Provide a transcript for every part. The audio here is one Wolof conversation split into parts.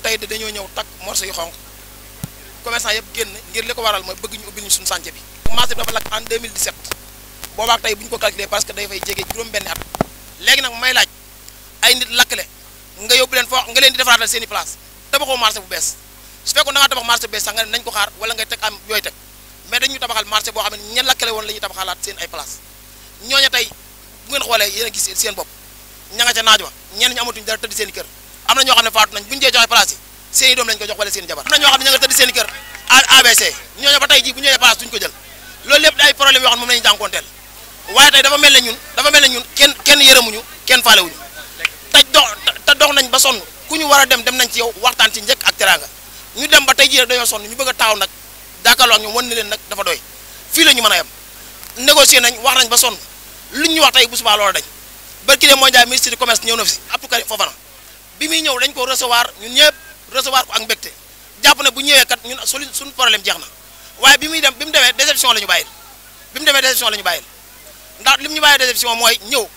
tey de dañoo ñëw takk morso yu xonq commerçant yëpp génn ngir li ko waral mooy bëgg ñu ubbil ñu suñu chantier bi. marché bi dafa lakk en 2017 boobaak tey bu ñu ko calculé parce que day fay jege juróom-benni at léegi nag may laaj ay nit lakk le nga yóbbu leen foo nga leen di defaraatal seeni i place tabaxoo marché bu bees su fekkoon da ngaa tabax marché bu bees sax nga ne nañ ko xaar wala nga teg am yooyu teg mais dañu tabaxal marché boo xam ne ña lakkle woon la ñuy tabaxalaat seen ay place ñooña tey bu ngeen xoolee yéen a gis seen bopp ña nga ca naaj wa ñenn ñu amatuñ dara tëdd seen kër am na ñoo xam ne faatu nañ buñu dee joxe place yi seen doom lañ ko jox wala seen jabar am na ñoo xam ne ña nga tëdd seen kër ABC ñooñu ba bu ñu joxee place ko jël loolu lépp ay problème yoo xam ne moom lañu jànkoonteel waaye tey mel ne ñun dafa mel ne ñun kenn kenn yërëmuñu kenn faalewuñu te dox te dox nañ ba sonn ku ñu war a dem dem nañ ci yow waxtaan ci njëkk ak teraanga ñu dem ba tey jii rek dañoo sonn ñu bëgg a taaw nag jàkkaarloo ak ñu wan ne leen nag dafa doy fii la ñu mën a yem négocier nañ wax nañ ba sonn luñ ñu wax tey bu subaa loola dañ barki de mondial ministre du commerce ñëw na fi si Abdou Karim bi muy ñëw dañ ko recevoir ñun ñëpp recevoir ko ak mbégte jàpp na bu ñëwee kat ñun solu suñu problème jeex na waaye bi muy dem bi mu demee déception la ñu bàyyil bi mu demee déception la ñu bàyyil ndax li ñu bàyyi déception mooy ñëw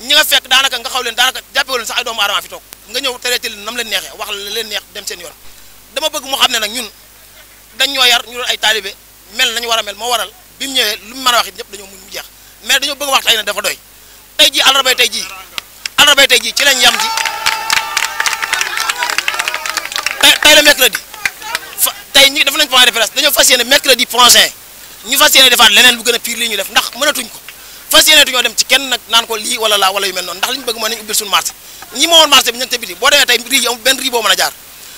ñi nga fekk daanaka nga xaw leen daanaka jàppewoo leen sax ay doomu aadama fi toog nga ñëw traité leen nam leen neexee wax la leen neex dem seen yoon dama bëgg mu xam ne nag ñun dañ ñoo yar ñu doon ay taalibe war moo waral bi mu ñëwee lu mu mën a wax ñëpp dañoo muñ mu jeex mais dañoo bëgg wax tey ne dafa doy tey jii àllarba tey jii àllarba tey jii ci lañ yam ji tey tey la mercredi fa tey ñu def nañ point de presse dañoo fas yéene mercredi prochain ñu fas yéene defaat leneen bu gën a pire lii ñu def ndax mënatuñ ko fas yéene tuñoo dem ci kenn nag naan ko lii wala laa wala yu mel noonu ndax li ñu bëgg mooy nañ ubbil suñu marché ñi moomoon marché bi ña ngi ca biti boo demee tey rii am benn rii boo mën a jaar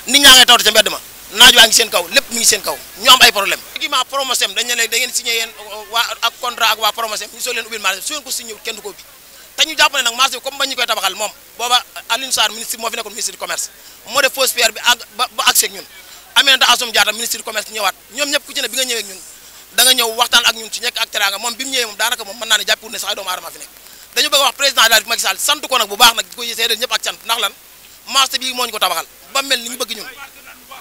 nit ñaa ngay tawte ca mbedd ma naaj waa ngi seen kaw lépp mi ngi seen kaw ñu am ay problème équipement promosem dañ ne léegi da ngeen signé yeen waa ak contrat ak waa promosem ñu soo leen ubbil marché su ngeen ko signé kenn du ko ubbi te ñu jàpp ne nag marché bi comme ba ñu koy tabaxal moom booba Alioune Sarr ministre moo fi nekkoon ministre du commerce moo def fausse pierre bi àgg ba ba àgg naa ne jàpp a wax président de sant ko nag bu baax ko seedeel bi moo ñu ko tabaxal ba mel ni ñu bëgg ñun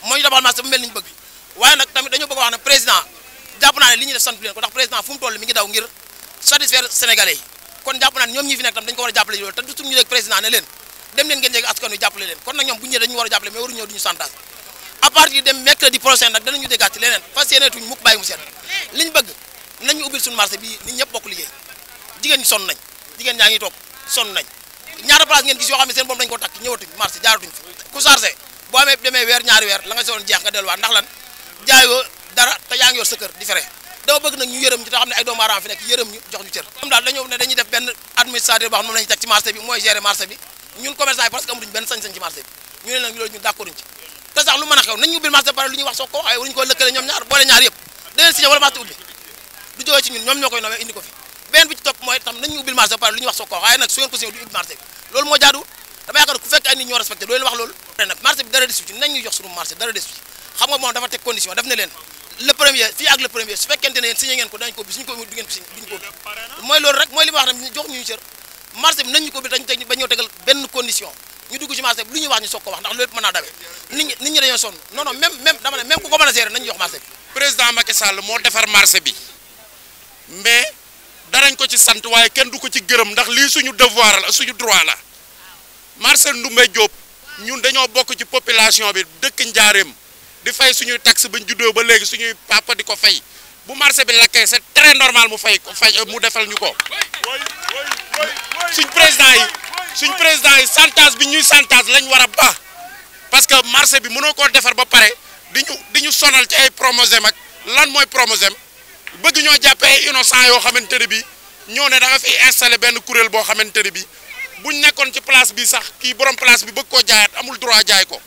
moo tabaxal marché ba mel ni bëgg waaye nag tamit dañu bëgg wax ne président jàpp naa ne li ñuy sant leen ko ndax président fu toll mi ngi daw ngir satisfaire sénégalais kon jàpp naa ne ñoom ñi fi nekk tam dañu ko war a jàppale loolu te du suñu rek président ne leen dem leen ngeen jege askan wi jàppale leen kon nag ñoom bu ñu ñëwee dañu war a jàppale mais waru ñëw duñu chantage à partir de mercredi prochain nag danañu déggaat ci leneen fas yéeneetuñ mukk bàyyi mu seet liñ bëgg nañu ubbil suñu marché bi nit ñëpp bokk liggéey jigéen ñi sonn nañ jigéen ñaa ngi toog sonn nañ ñaata place ngeen gis yoo xam ne seen bopp dañu ko takk ñëwatuñ marché jaaratuñ fi ku chargé boo amee demee weer ñaari weer dama bëgg nag ñu yërëm ñu te jox ñu cër moom bi mooy gérer marché bi ñun commerçant bi ñu lu ñu wax soo ko waxee waruñu nag su ko signé du bi loolu moo jaadu dama yaakaar ku fekk ay nit ñoo respecté loolu wax loolu nag bi dara desu ci nañ ñu jox sunu marché dara desu ci xam moom dafa teg condition daf ne le premier fii ak le premier su fekkente ne yéen signé ngeen ko dañ ko bi suñu ko du ngeen signé duñ ko mooy loolu rek mooy li ma wax ne jox ñu cër marché bi nañ ñu ko bi dañ wax ñu soog ko wax ndax loolu yëpp mën naa dawee nit ñi nit ñi dañoo sonn non non même a gérer nañu jox marché bi président Macky Sall moo defar marché bi mais darañ ko ci sant waaye kenn du ko ci gërëm ndax lii suñu devoir la suñu droit la marché Ndoumbé Diop ñun dañoo bokk ci population bi dëkk Njaareem di fay suñuy taxe bañ juddoo ba léegi suñuy papa di ko fay bu marché bi lakkee c'est très normal mu fay ko fay mu defal ñu ko suñ président yi suñ président yi chantage bi ñuy chantage lañ war a ba parce que marché bi mënoo koo defar ba pare di ñu di ñu sonal ci ay promosem ak lan mooy promosem bëgg ñoo jàppee ay innocent yoo xamante ne bi ñoo ne da nga fiy installé benn kuréel boo xamante ne bi buñ nekkoon ci place bi sax kii borom place bi bëgg koo jaayaat amul droit jaay ko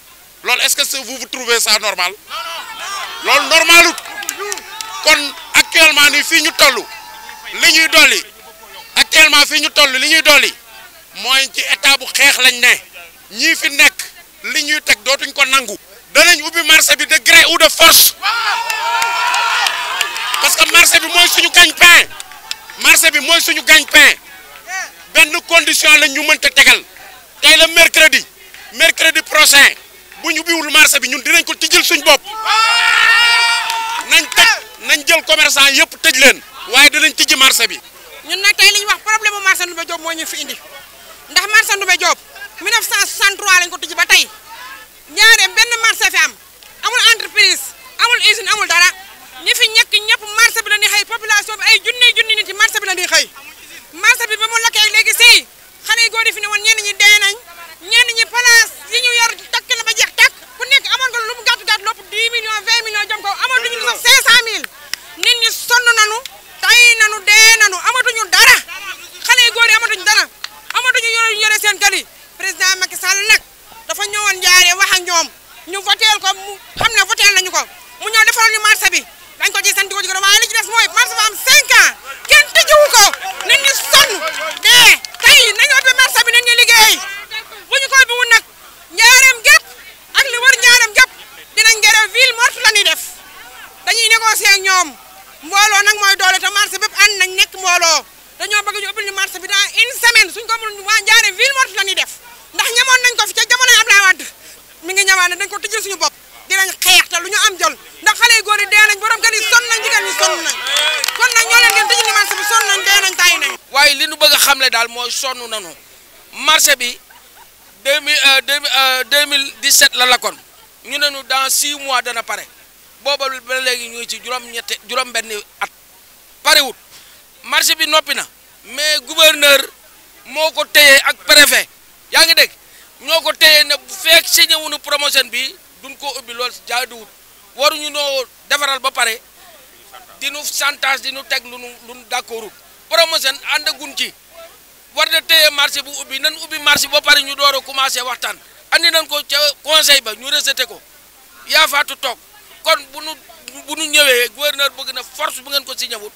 loolu est-ce que vous vous trouver ça normal loolu normalut kon actuellement nii fii ñu tollu li ñuy dolli actuellement fii ñu toll li ñuy dolli mooy ci état bu xeex lañ ne ñii fi nekk li ñuy teg dootuñ ko nangu. danañ ubbi marché bi de gré ou de force parce que marché bi mooy suñu gagne-pain marché bi mooy suñu gagne-pain benn condition lañ ñu mënta tegal tey la mercredi mercredi prochain. bu ñu biwul marché bi ñun dinañ ko tijjil suñ bopp nañ tëj nañ jël commerçant yëpp tëj leen waaye dinañ tijji marché bi. ñun nag tey li ñu wax problème mu marché Ndoumbé Diop moo ñu fi indi ndax marché Ndoumbé Diop 1963 lañ ko yore seen kër yi président Macky Sall nag dafa ñëwoon jaaree wax ak ñoom ñu voteel ko mu xam ne voteel nañu ko mu ñëw defaral ñu marché bi dañ ko ciy sant ko ci gërëm waaye li ci des mooy marché ba am 5 ans kenn tëjjiwu ko nit ñi sonn dee tey nañu ubbi marché bi nit ñi liggéey bu ñu ko ubbiwul nag njaareem gépp ak li wër njaareem gépp dinañ gërëm ville morte la ñuy def dañuy négocier ak ñoom mbooloo nag mooy doole te marché bépp ànd nañ nekk mbooloo dañoo bëgg ñu semaine suñ ko mën waa njaare ville morte la def ndax ñamoon nañ ko fi ca jamono Abdoulaye Wade mi ngi ñawaan ne dañ ko tëjal suñu bopp dinañ xeex te lu ñu am jol ndax xale yu yi dee nañ borom kër yi sonn nañ jigéen ñi sonn nañ kon nag ñoo leen gën tëjal ni marché bi sonn nañ dee nañ tàyyi nañ waaye li ñu bëgg a xamle daal mooy sonn nañu marché bi deux mille euh, euh, dix-sept la la ñu ne ñu dans six mois dana pare booba ba léegi ñu ngi ci juróom-ñetti juróom-benni at parewut marché bi noppi na mais gouverneur moo ko téye ak préfet yaa ngi dégg ñoo ko téye na bu fekk signé wuñu promotion bi duñ ko ubbi lool jaaduwut waruñu noo defaral ba pare dinu chantage dinu teg lu nu lu nu d'accordul promotion àndagun ci war na téye marché bu ubbi nan ubbi marché ba pare ñu door a commencé waxtaan andi nañ ko ca conseil ba ñu rejeté ko yaa faatu toog kon bu nu ñëwee nu ñëwee gouverneur bëgg na force bu ngeen ko signé wut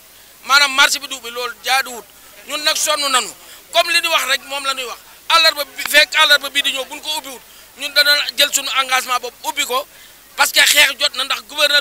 maanaam marché bi du ubbi loolu jaaduwut ñun nag sonn nanu comme li ñu wax rek moom la ñuy wax àllarba bi fekk àllarba bii di ko ubbiwul ñun dana jël suñu engagement boobu ubbi ko parce xeex jot na ndax gouverneur